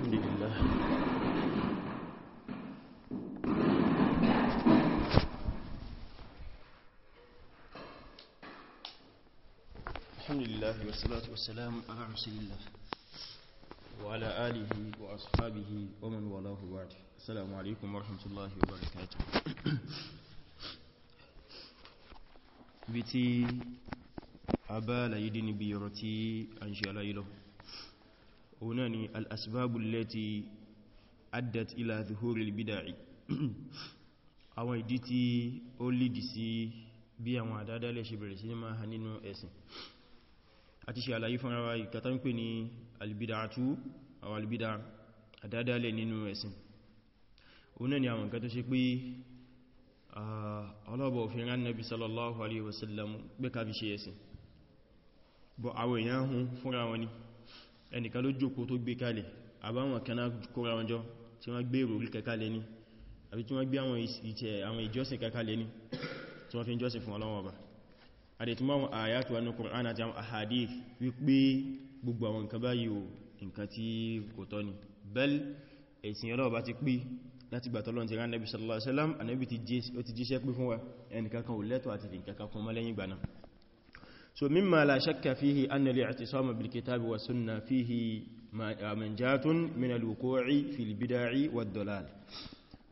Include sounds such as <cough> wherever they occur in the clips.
الحمد لله الحمد لله والصلاة والسلام على رسول الله وعلى آله وأصحابه ومن والاه بعد السلام عليكم ورحمة الله وبركاته بتي أبا لا يدني بيرتي أنشاء الله ọ̀nà ni al-asbabu allati addat ila zuhuri al-bida'i <clears throat> àwọn ìdí tí ó lìdí sí bí àwọn àdádálẹ̀ ṣe bẹ̀rẹ̀ sí ní máa nínú ẹ̀sìn àti ṣe àlàyé fún ara ìkàtà ń pè ní albida'atu àwọn albida àdádálẹ̀ nínú ẹ̀sìn ọ̀nà ni àwọn nǹkan tó ṣe ọlọ́bọ̀ òfin rán nabi sallallahu alaihi wasallam gbé kàbí ṣe ẹ̀sìn bọ̀ àwọn èèyàn fúnra wọn ni ẹnìkan ló jókòó tó gbé kalẹ̀ àbáwọn kaná kóra wọn jọ tí wọ́n gbé ìròrí kẹkàlẹ̀ ní àbí tí wọ́n gbé àwọn ìjọsìn kẹkàlẹ̀ ní tí wọ́n fi jọsìn fún Ọlọ́run Ọba àdètúmọ̀ àwọn àyàtù wọnú Qur'an àti àwọn ahadith wípé gbogbo àwọn nǹkan báyìí o nǹkan tí kò tọ́ ni bẹ́l ẹ̀sìn Ọlọ́run Ọba ti pé láti gbà mọ́ lẹ́yìn ìgbà náà so mimma la shakka fihi anna li'tisama bil kitabi wa sunna fihi uh, manjatun min al-wuqu'i fil bid'i wad dalal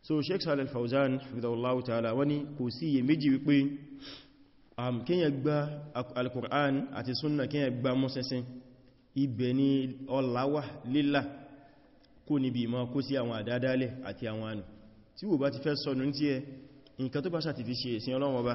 so Sheikh Salih Al-Fawzan hafidhahullahu ta'ala wani kusi sí iye méjì am um, kíyàn gba al-Qur'an ati sunna kíyàn gba mọ́sẹsìn ibẹ̀ ni ọláwà lílà kó níbi ma kó sí àwọn àdádálẹ̀ àti àwọn ànù tí wò bá ti fẹ́ sọnù ní tí ẹ nǹkan tó bá sàtìfi ṣe ìsìn Ọlọ́run Ọba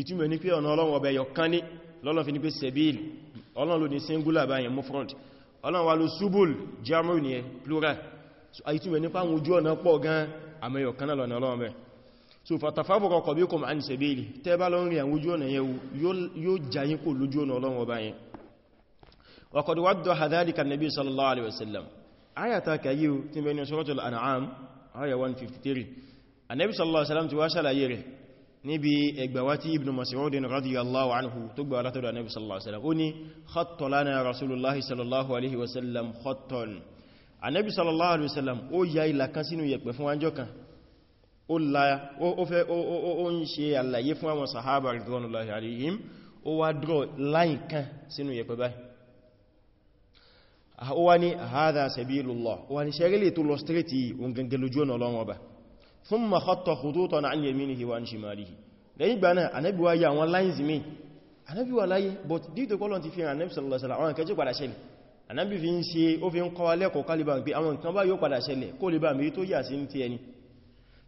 ìtumọ̀ ní pé ọ̀nà ọlọ́run ọbẹ̀ yọkan ní lọ́lọ́ fi ní pé sebil ọlọ́run ló ní singular báyẹn mú front ọlọ́run wà ló subul jamu ní ẹ plural so ìtumọ̀ nípa àwọn ojú ọ̀nà pọ̀ gan àmẹ́yọkan náà lọ́nà ọlọ́run bẹ̀ so fatafabuqa qabikum an sabili tẹ́ bá lọ́rin àwọn ojú ọ̀nà yẹn yóò jayin kò lójú ọ̀nà ọlọ́run ọba yẹn wa qad waddaha dhalika an-nabi sallallahu 153 annabi sallallahu alaihi wasallam ti wá ṣàlàyé níbi ẹgbàwátí ibn mas'udin radiyallahu anhu tó gbà látọ̀dọ̀ anábi sallallahu alaihi wasallam ó ní khatta lana rasulullahi sallallahu alaihi wasallam khattan anábi sallallahu alaihi wasallam ó ya ìlà kan sínú yẹ̀pẹ̀ fún wájọ́ kan ó fẹ́ ó ń ṣe àlàyé fún àwọn sahaba ridwanullahi alaihim ó wá draw line kan sínú yẹ̀pẹ̀ báyìí ó wá ní hadha sabilullah ó wá ní ṣẹ́rẹ́lẹ̀ tó lọ straight yìí ثم خط خطوطا عن يمينه وعن شماله lẹ́yìn ìgbà náà ànábì wá yà àwọn lines mi ànábì láyé but dídò kọ́lọ̀ ti fi hàn ànábì sallallahu alaihi wasallam àwọn kẹjọ padà ṣẹlẹ̀ ànábì fi ń ṣe ó fi ń kọwa lẹ́kọ̀ọ́ kálíbà pé àwọn nǹkan bá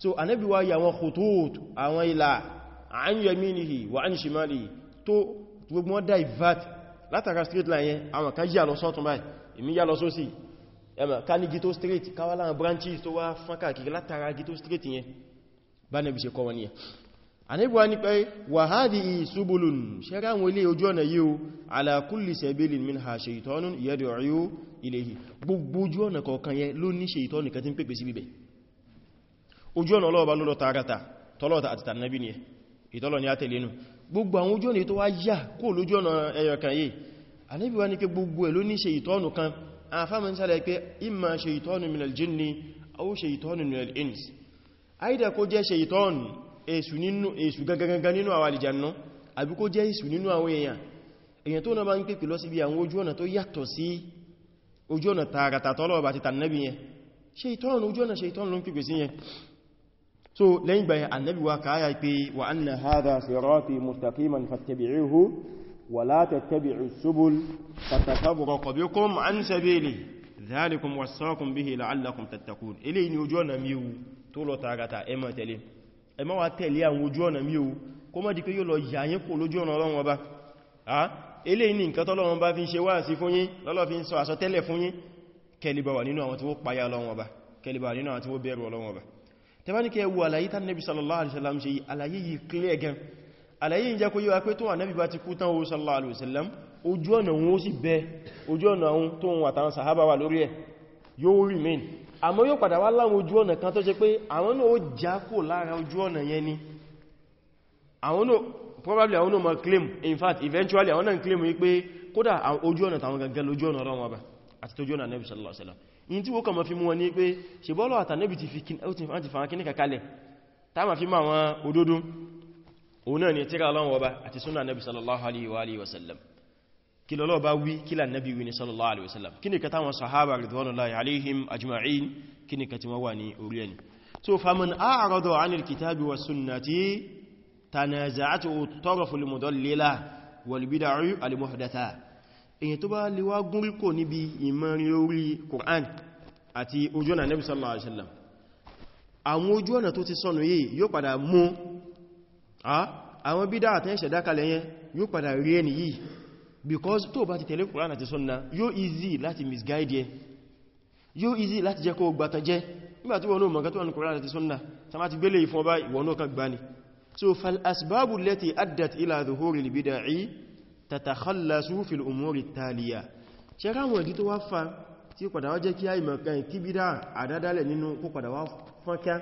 so ànábì wá yà àwọn khutut àwọn ìlà an yaminihi wa an shimalihi tó gbogbo wọn divert látara straight line yẹn àwọn kan yà ká ní Ghetto Street káwà láwọn branches tó wá fán káàkiri látara Ghetto Street yẹn bá nẹ́bí ṣe kọ́ wọn yẹn àníbíwá ní pé wa hadhihi subulun ṣẹ́rẹ́ àwọn ilé ojú ọ̀nà yíò ala kulli sabilin minha shaytanun yad'u ilayhi gbogbo ojú ọ̀nà kọ̀ọ̀kan yẹn ló ní shaytanu kan tí ń pèpè sí bíbẹ̀ ojú ọ̀nà ni ìtọ́lọ̀ ni a tẹ̀lé nù gbogbo àwọn ojú ọ̀nà tó wá yà kó lójú ọ̀nà àfáàmù ń sálẹ̀ pé imma shaytanun minal jinni aw shaytanun minal ins àìdà kó jẹ́ shaytan èṣù gangan nínú àwọn àlìjànú àbí kó jẹ́ èṣù nínú àwọn èèyàn ولا تتبعوا السبل فتفرق بكم عن سبيله ذلكم وصاكم به لعلكم تتقون إلي ni ojú ọ̀nà mi o tó lọ tààràtà ẹ má tẹ̀lé ẹ má wá tẹ̀lé àwọn ojú ọ̀nà mi o kó má di pé yóò lọ yà yín kò lójú ọ̀nà Ọlọ́run Ọba a eléyìí ni nǹkan t'Ọlọ́run bá fi ń ṣe wáàsí fún yín lọ́lọ́ fi ń sọ àsọtẹ́lẹ̀ fún yín kẹlìbà wà nínú àwọn tí wó páyà Ọlọ́run àlàyé ìjẹ́ kó yíwa pé tó wà náà bá ti kú tán oó sallallahu alaihi wasallam ojú ọ̀nà wọn ó sì bẹ ojú ọ̀nà wọn tó wọn àtàwọn sàhábà wà lórí ẹ̀ yóò remain àmọ́ yóò padà wá láwọn ojú ọ̀nà kan tó ṣe pé àwọn náà ó já kò lára ojú ọ̀nà yẹn ni probably àwọn náà in fact eventually àwọn náà claim wípé kódà ojú ọ̀nà tàwọn gangan lójú ọ̀nà ọ̀rọ̀ wọn bá àti tójú ọ̀nà nẹ́bì sallallahu alaihi wasallam in tí ó kàn ma fi mú wọn ní pé òun náà ni tíra Ọlọ́run ọba àti súnà nabi sallallahu alaihi wa sallam kí lọ́lọ́ bá wí kí là nabi wí ni sallallahu alaihi wa sallam kí ni ka táwọn sahaba ridwanullahi alaihim ajma'in kí ni ka ti wọ́wà ní orí ẹni so faman a'rada anil kitabi wa sunnati tanaza'atu tarafu al-mudallila wal bid'u al-muhdatha èyàn tó bá liwá gúnrí kò níbi ìmọ̀rin orí Qur'an àti ojú ọ̀nà nabi sallallahu alaihi wa àwọn ojú ọ̀nà tó ti sọnù yìí yóò padà mú Ah, àwọn bídá àtẹ́ṣẹ̀ dákalẹ̀ yẹn yóò padà rí ẹni yìí because tó bá ti tẹ̀lé Qur'an àti Sunnah yóò easy láti misguide ẹ yóò easy láti jẹ́ kó gbata jẹ́ nígbàtí wọn ó mọ̀gá tó wọn Qur'an àti Sunnah sama ti gbélé ìfún ọba ìwọ̀n náà kan gbani so fal asbabu lati addat ila zuhuri libida'i tatakhallasu fil umuri taliya ṣe ráwọn ìdí tó wá fa tí padà wá jẹ́ kí àìmọ̀kan kí bídá àdádálẹ̀ nínú kó padà wá fọ́nká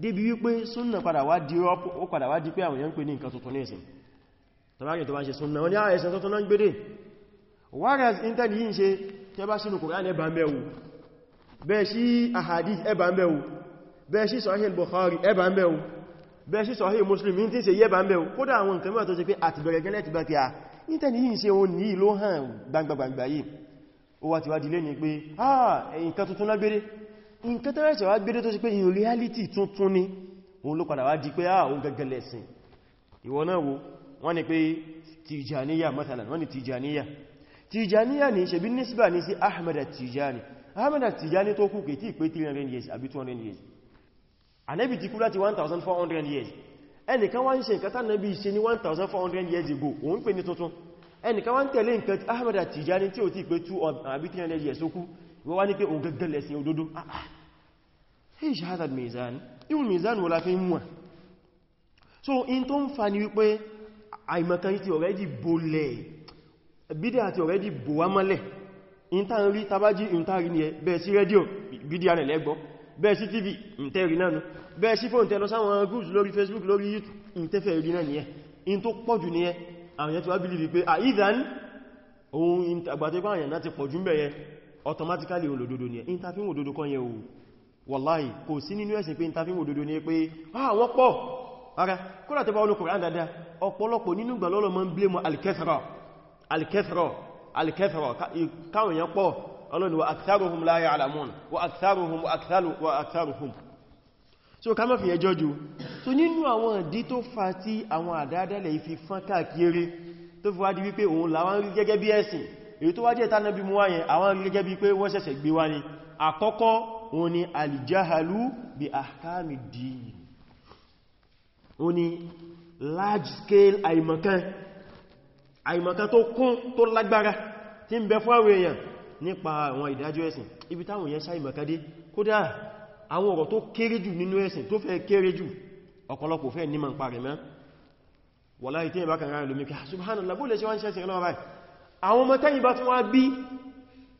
débi wípé súnnà padà wá di ó padà wá di pé àwọn èèyàn pè ní nǹkan tuntun ní ẹ̀sìn tàbí tó bá ń ṣe súnnà wọ́n ní ààrẹ ah, ẹ̀sìn tuntun náà ń gbédè whereas intel yìí ń ṣe tẹ́ bá sínú Kùránì ẹbà mẹ́wù bẹ́ẹ̀ sí ahadith ẹbà mẹ́wù bẹ́ẹ̀ bẹ́ẹ̀ sí Sahih Muslim ní tí ń ṣe yẹbà mẹ́wù kódà àwọn nǹkan mẹ́wà tó ṣe pé àti bẹ̀rẹ̀ gẹ́lẹ́ ti bá ti à intel yìí ń ṣe òun ah nǹkan tuntun nǹkan tó rẹ̀ṣẹ̀ wá gbédé tó ṣe pé in reality tuntun ni òun ló padà wá di pé ah òun gẹ́gẹ́ lẹ́sìn ìwọ náà wo wọ́n ní pé tijaniya matalan wọ́n ní tijaniya tijaniya ni ṣebí nisba ni sí Ahmeda tijani Ahmeda tijani tó kú kè tí pé 300 years àbí 200 years anẹ́bì ti kú láti 1400 years ẹnìkan wá ń ṣe nǹkan tánàbí ṣe ní 1400 years ago òun pè ní tuntun ẹnìkan wá ń tẹ̀lé nǹkan ahmada tijani tí ó ti pé 200 àbí 300 years ó kú wọ́n wá ní pé òun gẹ́gẹ́ lẹ́sìn òdodo ah, ah. ṣe hadad mizan ihun mizan wọ́n láfí mú à so in tó ń fa ni wípé àìmọ̀kan ti already bolẹ̀ bídá ti already bò wá mọ́lẹ̀ in ta ń rí tabájí in ta rí ní ẹ bẹ́ẹ̀ sí rédíò bídíà rẹ̀ in tẹ́ rí náà bẹ́ẹ̀ sí fóòn tẹ́lọ facebook youtube in tẹ́fẹ́ rí náà nìyẹn in tó pọ̀jù nìyẹn àwọn ah, yẹn tó wá bílì wípé automatically olódodo ni interfin òdodo kan yẹ o wallahi kò sí nínú ẹ̀sìn pé interfin òdodo ni pé ah wọ́n pọ̀ ara kódà tẹ́ bá olókùn rán dáadáa ọ̀pọ̀lọpọ̀ nínú gbà lọ́lọ́ mọ́ ń blé mọ́ alkẹ́fẹ́rọ̀ alkẹ́fẹ́rọ̀ alkẹ́fẹ́rọ̀ káwọn èèyàn pọ̀ ọlọ́ni wa aktharuhum la ya'lamun wa aktharuhum wa aktharuhum so ká má fi ẹjọ́ ju so nínú àwọn ìdí tó fa tí àwọn àdáadáa lè fi fán káàkiri tó fi wá di wípé òun làwọn rí gẹ́gẹ́ bí ẹ̀sìn èyí tó wá jẹ́ ìtànàbí mú wáyẹn àwọn gẹ́gẹ́ bí pé wọ́n ṣẹ̀ṣẹ̀ gbé wá ní àkọ́kọ́ òun ni alìjáhalú bí àkámi dìí òun ni large scale àìmọ̀kan àìmọ̀kan tó kún tó lágbára tí ń bẹ fún àwọn èèyàn nípa àwọn ìdájọ́ ẹ̀sìn ibi táwọn èèyàn ṣàìmọ̀kan dé kódà àwọn ọ̀rọ̀ tó kéré jù nínú ẹ̀sìn tó fẹ́ kéré jù ọ̀pọ̀lọpọ̀ fẹ́ nímọ̀ ń parẹ̀ mẹ́ wọ́lá ìtẹ́ àwọn ọmọ tẹ́yìn bá tún wá bí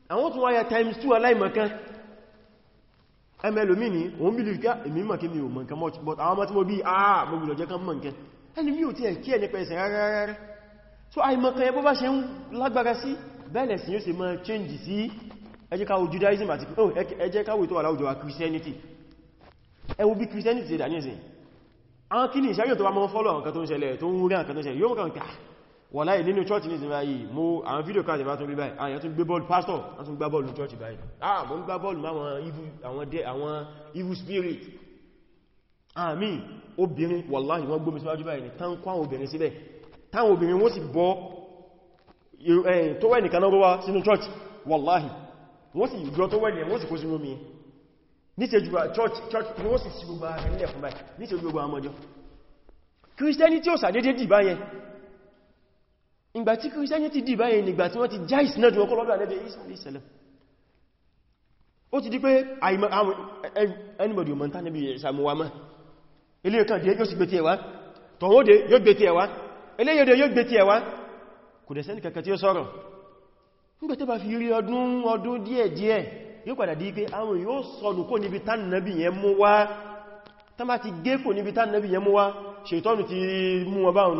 àwọn tún wá ya times 2 aláìmọ̀kan mlomi ni òun bí lùkà ah, èmi mọ̀ kí mi ò mọ̀ nǹkan much but àwọn ọmọ tí mo bí àà ah, mo gbìlọ̀ jẹ́ kan mọ̀ nǹkan ẹni mi ò tí ẹ̀ kí ẹni pẹ̀sẹ̀ rárárárá so àìmọ̀kan ẹ bó bá ṣe ń lágbára sí bẹ́ẹ̀lẹ̀ sí yóò ṣe mọ́ change sí ẹ wàláì nínú church ní ìsinmi ayé mo àwọn fídíò kan àjẹ̀bá tún gbé báyìí àyàn tún gbé bọ́ọ̀lù pastor wọ́n tún gbá bọ́ọ̀lù church báyìí ah mo ń gbá bọ́ọ̀lù àwọn evil spirit àmì ah, obìnrin wàláì wọ́n gbómi síwájú báyìí tán kó àwọn obìnrin síbẹ̀ táwọn obìnrin wọ́n sì bọ́ tó wẹ́ nìkan náà wá church wàláì wọ́n sì yọ tó wẹ́ nìyẹn wọ́n sì kó church church ni wọ́n sì sí gbogbo ààrẹ nílẹ̀ fún báyìí níṣẹ́jú gbogbo àmọ́jọ́ christianity ò ìgbà tí kìrìsìtẹ́nì ti dì báyìí nígbà tí wọ́n ti já ìsìnàjò ọkọ́ lọ́dọ̀ àlẹ́bẹ̀ ìsàlẹ̀ ó ti di pé anybody mọ̀ tánàbí ìsàmúwà mọ́ ilé kan dé yóò sì gbé ti ẹ̀wá tọ̀wọ́dé yóò gbé ti ẹ̀wá eléyèdè yóò gbé ti ẹ̀wá kò dẹ̀ sẹ́nì kankan tí ó sọ̀rọ̀ di pé àwọn yóò sọnù kò níbi tánàbí yẹn mú wá tán bá ti gé kò níbi tánàbí yẹn mú ṣètọ́nù ti mú wọn báwọn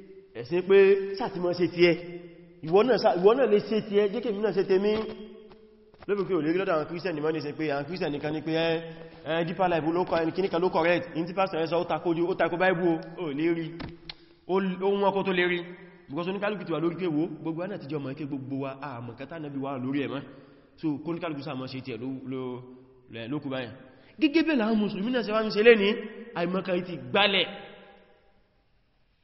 ẹ̀sìn pé sàtìmọ́ ṣe ti ẹ ìwọ náà lè ṣe ti ẹ jẹ́kẹ̀ mínà ṣe tèmi lóbi pé olè lọ́dọ̀ àwọn christian ni mọ́ ní ṣe pé àwọn christian nìkan ní pé ẹ deeper life lókọ ẹni kíníkà ló correct in tí pastor ẹ sọ ó takó ó takó báìbù ó lè rí ó wọ́n kó tó lè rí because oníkálùkù ti wà lórí pé wo gbogbo àná àtijọ́ mọ̀ ẹ́kẹ́ gbogbo wa àmọ̀ kátà náà bí wà lórí ẹ̀mọ́ so kóníkálùkù sàmọ́ ṣe tiẹ̀ lókù báyìí gẹ́gẹ́ bẹ́ẹ̀ làwọn mùsùlùmí náà ṣe wá ń ṣe lé ní àìmọ́kà ti gbálẹ̀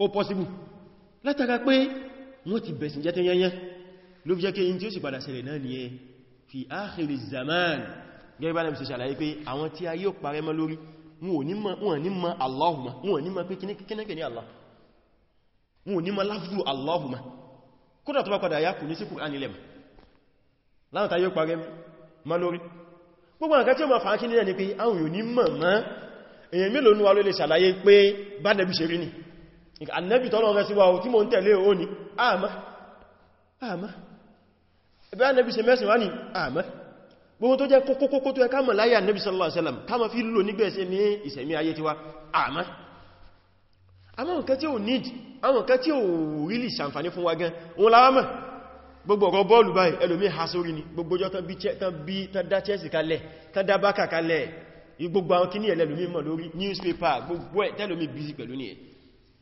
ó possible látara pé wọ́n ti bẹ̀sìn jẹ́ tẹ́yẹnyẹ́ ló fi jẹ́ kí in tí ó sì padà ṣẹlẹ̀ náà ni ẹ fi áàkìrì zaman gẹ́gẹ́ bá lẹ́mìsẹ̀ ṣàlàyé pé àwọn tí ayé ò parẹ́ mọ́ lórí wọn ò ní mọ̀ Allahumma wọn ò ní mọ̀ pé kíníkẹ́ ní Allah wọn ò ní mọ̀ láfúrú Allahumma kódà tó bá padà yá kù ní sí Kùránì lẹ́mọ̀ láwọn tayé ó parẹ́ mọ́ lórí gbogbo nǹkan tí ó máa fàá kí ní ẹni pé àwọn yóò ní mọ̀ mọ́ èèyàn mélòó ní wa ló lè ṣàlàyé pé bá dẹ̀bí ṣe rí ni annabi tọ́lọ̀ rẹ̀ sí wa tí mo ń tẹ̀lé o ní àmá àmá ẹbẹ́ annabi ṣe mẹ́sìn wá ní àmá gbogbo tó jẹ́ kókókókó tó ẹ káàmà láyé annabi sallallahu alaihi wasallam káàmà fi lò nígbẹ̀ẹ́sẹ̀ ní ìsẹ̀mí ayé tiwa àmá àwọn nǹkan tí ó need àwọn nǹkan tí ó really ṣàǹfàní fún wa gan òun láwámà gbogbo ọ̀rọ̀ bọ́ọ̀lù báyìí ẹlòmí ha sórí ni gbogbo ọjọ́ tán bí tán dá chelsea kalẹ̀ tán dá bákà kalẹ̀ gbogbo àwọn kíní ẹlẹ́lòmí mọ̀ lórí busy pẹ̀lú ni ẹ̀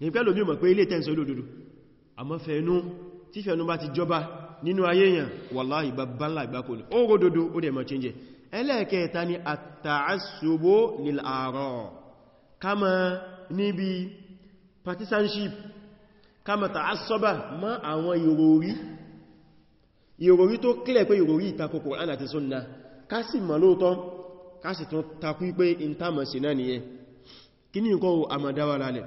ní pẹ́lú bí mọ̀ pé ilé tẹ́ǹsọ olódodo àmọ́ fẹ́ẹ̀nú tí fẹ́ẹ̀nú bá ti jọba nínú ayé èyàn wàláhì ìbábánlá ìgbákòlù ó ródodo ó dẹ̀ mọ̀ change ẹlẹ́ẹ̀kẹta ni àtàásùbó lìlàárọ̀ kama níbi partisanship kí ní nǹkan àmàdáwà lálẹ̀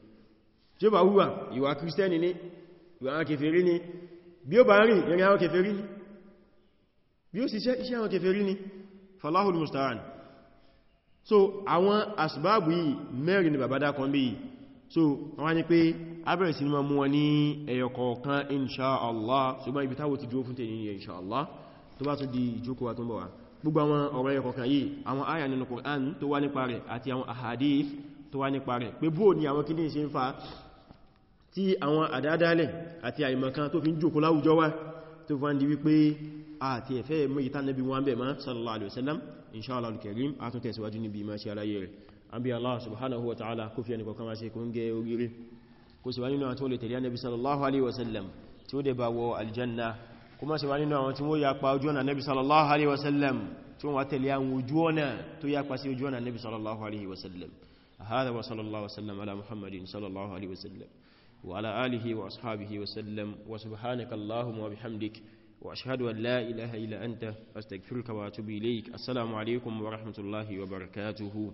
tí ó bá hùwà ìwà kìrìsìtẹ́nì ní ìwà àwọn kèfèrí ní bí ó bá rìn ìrìn àwọn kèfèrí ní bí ó sì iṣẹ́ àwọn kèfèrí ní falahul musta'an so àwọn asbábù yìí mẹ́rin ni bàbá bí yìí so wọ́n ni pé abẹ́rẹ̀ sí ni máa mú wọn ní ẹyọ kọ̀ọ̀kan inṣáàlá ṣùgbọ́n ibi táwọ̀ ti dúró fún tèmi ní inṣáàlá tó bá tún di ìjókòó wa tó ń bọ̀ wá gbogbo àwọn ọ̀rọ̀ ẹyọ kọ̀ọ̀kan yìí tí àwọn àdádálẹ̀ àti àìmọ̀kan tó fi ń jòkó láwùjọ wá tó fún àndí wípé àti ẹ̀fẹ́ mọ́ ìtànàbí wọn bẹ̀ máa sallallahu alaihi wasallam inṣáàlá al-karim a tún tẹ̀síwájú níbi ma ṣe aláyé rẹ̀ an bí Allah subhanahu wa ta'ala kó fi ẹnìkọ̀kan wá ṣe kó ń gẹ oríire kó sì wá nínú àwọn tó lè tẹ̀lé Ànábì sallallahu alaihi wasallam tí ó dẹ̀ bá wọ aljanna kó má sallallahu alaihi wasallam tí wọ́n sallallahu alaihi wasallam هذا وصلى الله وسلم على محمد صلى الله عليه وسلم وعلى آله وأصحابه وسلم وسبحانك اللهم وبحمدك وأشهد أن لا إله إلا أنت أستغفرك وأتوب إليك السلام عليكم ورحمة الله وبركاته